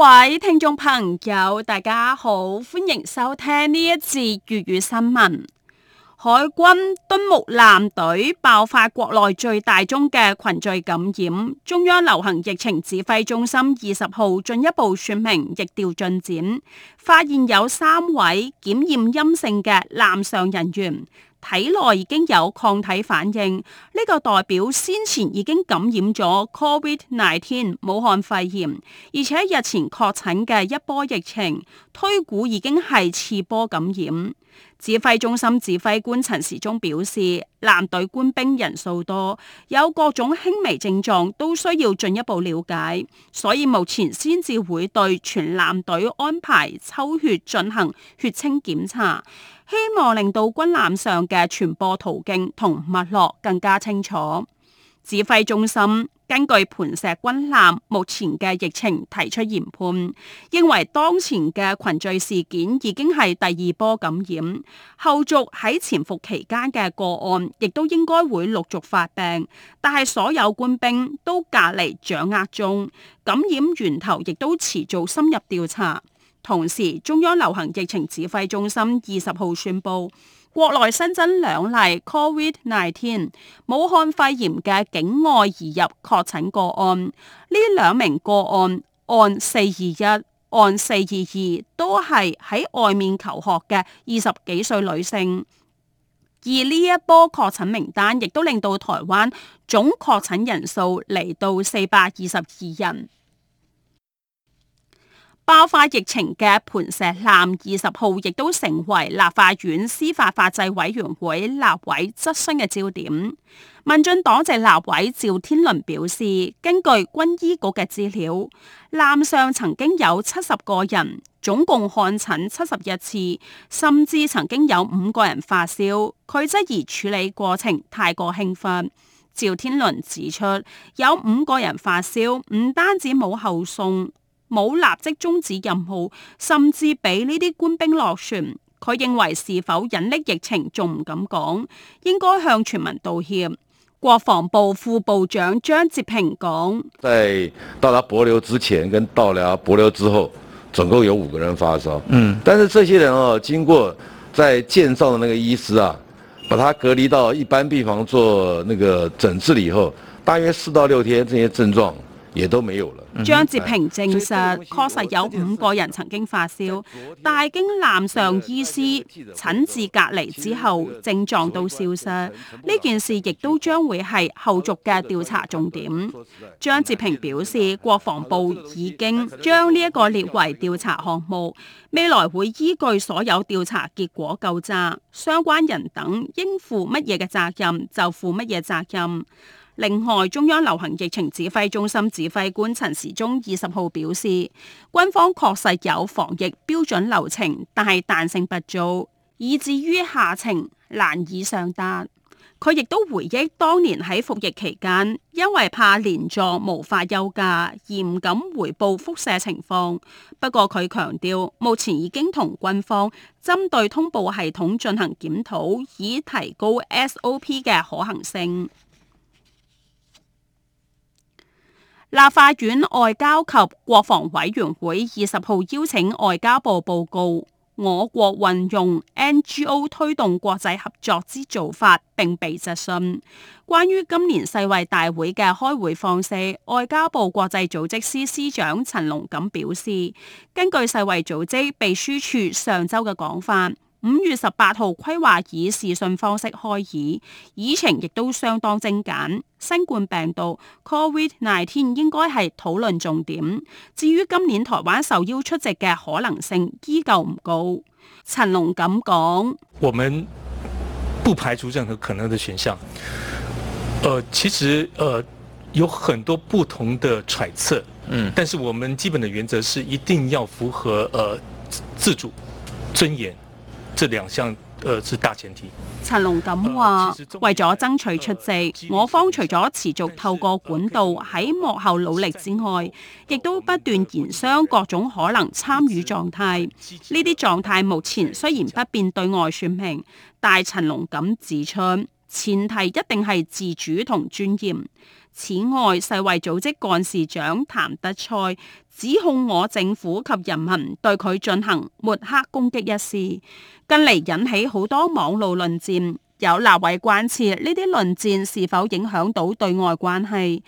各位聽眾朋友，大家好，歡迎收聽呢一節粵語新聞。海軍敦睦艦隊爆發國內最大宗嘅群聚感染，中央流行疫情指揮中心二十號進一步說明疫調進展，發現有三位檢驗陰性嘅艦上人員，體內已經有抗體反應，呢個代表先前已經感染咗 COVID nineteen 武漢肺炎，而且日前確診嘅一波疫情，推估已經係次波感染。指揮中心指揮官陳時中表示，艦隊官兵人數多，有各種輕微症狀，都需要進一步了解，所以目前先至會對全艦隊安排抽血進行血清檢查，希望令到軍艦上嘅傳播途徑同脈絡更加清楚。指揮中心根據盤石軍艦目前嘅疫情提出研判，認為當前嘅群聚事件已經係第二波感染，後續喺潛伏期間嘅個案亦都應該會陸續發病，但係所有官兵都隔離掌握中，感染源頭亦都持續深入調查。同時，中央流行疫情指揮中心二十號宣布。國內新增兩例 Covid-19 武漢肺炎嘅境外移入確診個案，呢兩名個案，案四二一、案四二二，都係喺外面求學嘅二十幾歲女性。而呢一波確診名單亦都令到台灣總確診人數嚟到四百二十二人。爆發疫情嘅磐石艦二十號亦都成為立法院司法法制委員會立委質詢嘅焦點。民進黨籍立委趙天麟表示，根據軍醫局嘅資料，艦上曾經有七十個人，總共看診七十一次，甚至曾經有五個人發燒。佢質疑處理過程太過興奮。趙天麟指出，有五個人發燒，唔單止冇後送。冇立即終止任務，甚至俾呢啲官兵落船。佢認為是否隱匿疫情仲唔敢講，應該向全民道歉。國防部副部長張哲平講：在到達帛琉之前，跟到達帛琉之後，總共有五個人發燒。嗯、但是這些人哦、啊，經過在建造的那個醫師啊，把他隔離到一般病房做那個診治了以後，大約四到六天，這些症狀。也都沒有了。張、嗯、哲平證實，確實有五個人曾經發燒，啊、但係經艦上醫師診治隔離之後，症狀都消失。呢件事亦都將會係後續嘅調查重點。張、啊、哲平表示，國防部已經將呢一個列為調查項目，未來會依據所有調查結果，究責相關人等應負乜嘢嘅責任就負乜嘢責任。另外，中央流行疫情指揮中心指揮官陳時中二十號表示，軍方確實有防疫標準流程，但係彈性不足，以至於下情難以上達，佢亦都回憶當年喺服役期間，因為怕連坐無法休假而唔敢回報輻射情況，不過，佢強調目前已經同軍方針對通報系統進行檢討，以提高 SOP 嘅可行性。立法院外交及國防委員會二十號邀請外交部報告我國運用 NGO 推動國際合作之做法，並備質詢。關於今年世衛大會嘅開會方式，外交部國際組織司司，司長陳龍錦表示，根據世衛組織秘書處上周嘅講法。五月十八號規劃以視訊方式開議，議程亦都相當精簡。新冠病毒 Covid 廿天應該係討論重點。至於今年台灣受邀出席嘅可能性依舊唔高，陳龍咁講：我們不排除任何可能的選項。呃，其實，呃，有很多不同的揣測，嗯，但是我們基本的原則是一定要符合，呃，自主尊嚴。這兩項，呃，是大前提。陳龍錦話：為咗爭取出席，呃、我方除咗持續透過管道喺幕後努力之外，亦是都不斷研商各種可能參與狀態。呢啲狀態目前雖然不便對外説明，呃、但陳龍錦指出，前提一定係自主同專業。此外，世衛組織幹事長譚德賽指控我政府及人民對佢進行抹黑攻擊一事，近嚟，引起好多網路論戰，有立委關切呢啲論戰是否影響到對外關係。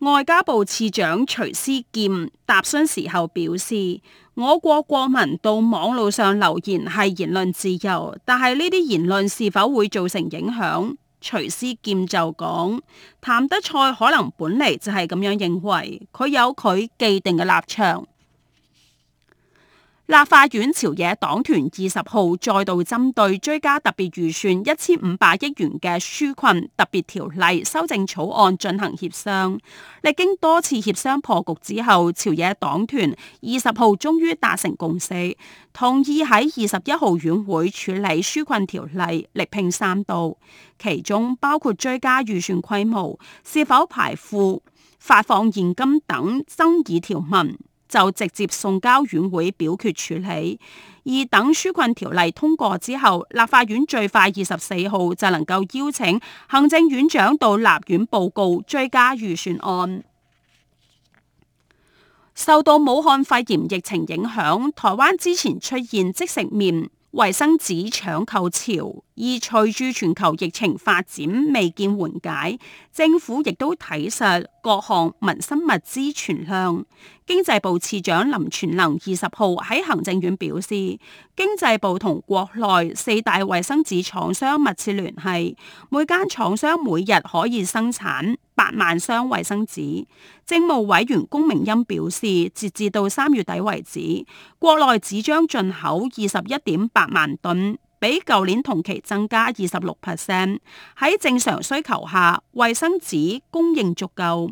外交部次長徐思劍答詢時候表示，我國國民到網路上留言係言論自由，但係呢啲言論是否會造成影響？徐思劍就講：譚德塞可能本嚟就係咁樣認為，佢有佢既定嘅立場。立法院朝野黨團二十號再度針對追加特別預算一千五百億元嘅紓困特別條例修正草案進行協商，歷經多次協商破局之後，朝野黨團二十號終於達成共識，同意喺二十一號院會處理紓困條例，力拼三讀，其中包括追加預算規模、是否排富、發放現金等爭議條文。就直接送交院會表決處理，而等紓困條例通過之後，立法院最快二十四號就能夠邀請行政院長到立院報告追加預算案。受到武漢肺炎疫情影響，台灣之前出現即食麵、衛生紙搶購潮。而隨住全球疫情發展未見緩解，政府亦都睇實各項民生物資存量。經濟部次長林全能二十號喺行政院表示，經濟部同國內四大衛生紙廠商密切聯繫，每間廠商每日可以生產八萬箱衛生紙。政務委員龔明鑫表示，截至到三月底為止，國內紙將進口二十一點八萬噸。比舊年同期增加二十六 percent。喺正常需求下，衛生紙供應足夠。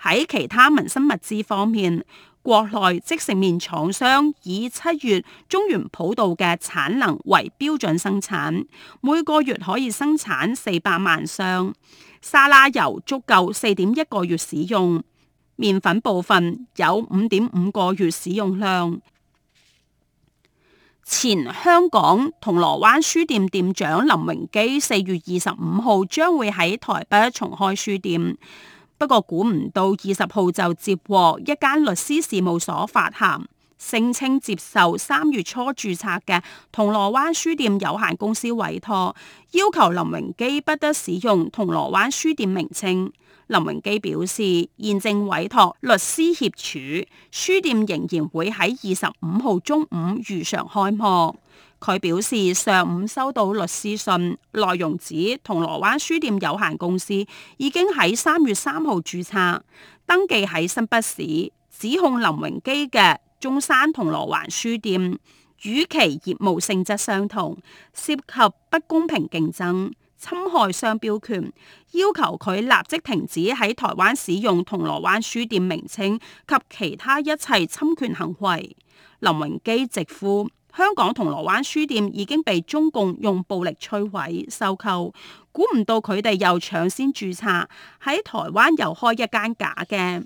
喺其他民生物資方面，國內即食麵廠商以七月中元普渡嘅產能為標準生產，每個月可以生產四百萬箱。沙拉油足夠四點一個月使用，麵粉部分有五點五個月使用量。前香港銅鑼灣書店店長林榮基，四月二十五號將會喺台北重開書店，不過估唔到二十號就接獲一間律師事務所發函。聲稱接受三月初註冊嘅銅鑼灣書店有限公司委託，要求林榮基不得使用銅鑼灣書店名稱。林榮基表示，現正委託律師協助，書店仍然會喺二十五號中午如常開幕。佢表示，上午收到律師信，內容指銅鑼灣書店有限公司已經喺三月三號註冊，登記喺新北市，指控林榮基嘅。中山銅鑼灣書店與其業務性質相同，涉及不公平競爭、侵害商標權，要求佢立即停止喺台灣使用銅鑼灣書店名稱及其他一切侵權行為。林榮基直呼：香港銅鑼灣書店已經被中共用暴力摧毀、收購，估唔到佢哋又搶先注冊喺台灣又開一間假嘅。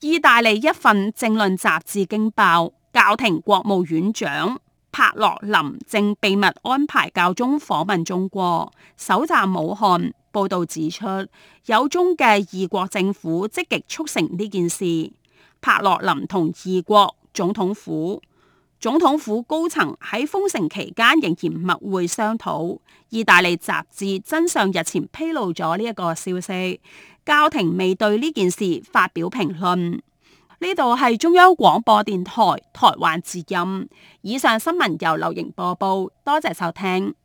意大利一份政論雜誌驚爆，教廷國務院長帕洛林正秘密安排教宗訪問中國，首站武漢。報道指出，有中嘅意國政府積極促成呢件事。帕洛林同意國總統府。總統府高層喺封城期間仍然密會商討。意大利雜誌真相日前披露咗呢一個消息。教廷未對呢件事發表評論。呢度係中央廣播電台台灣之音。以上新聞由劉瑩播報。多謝收聽。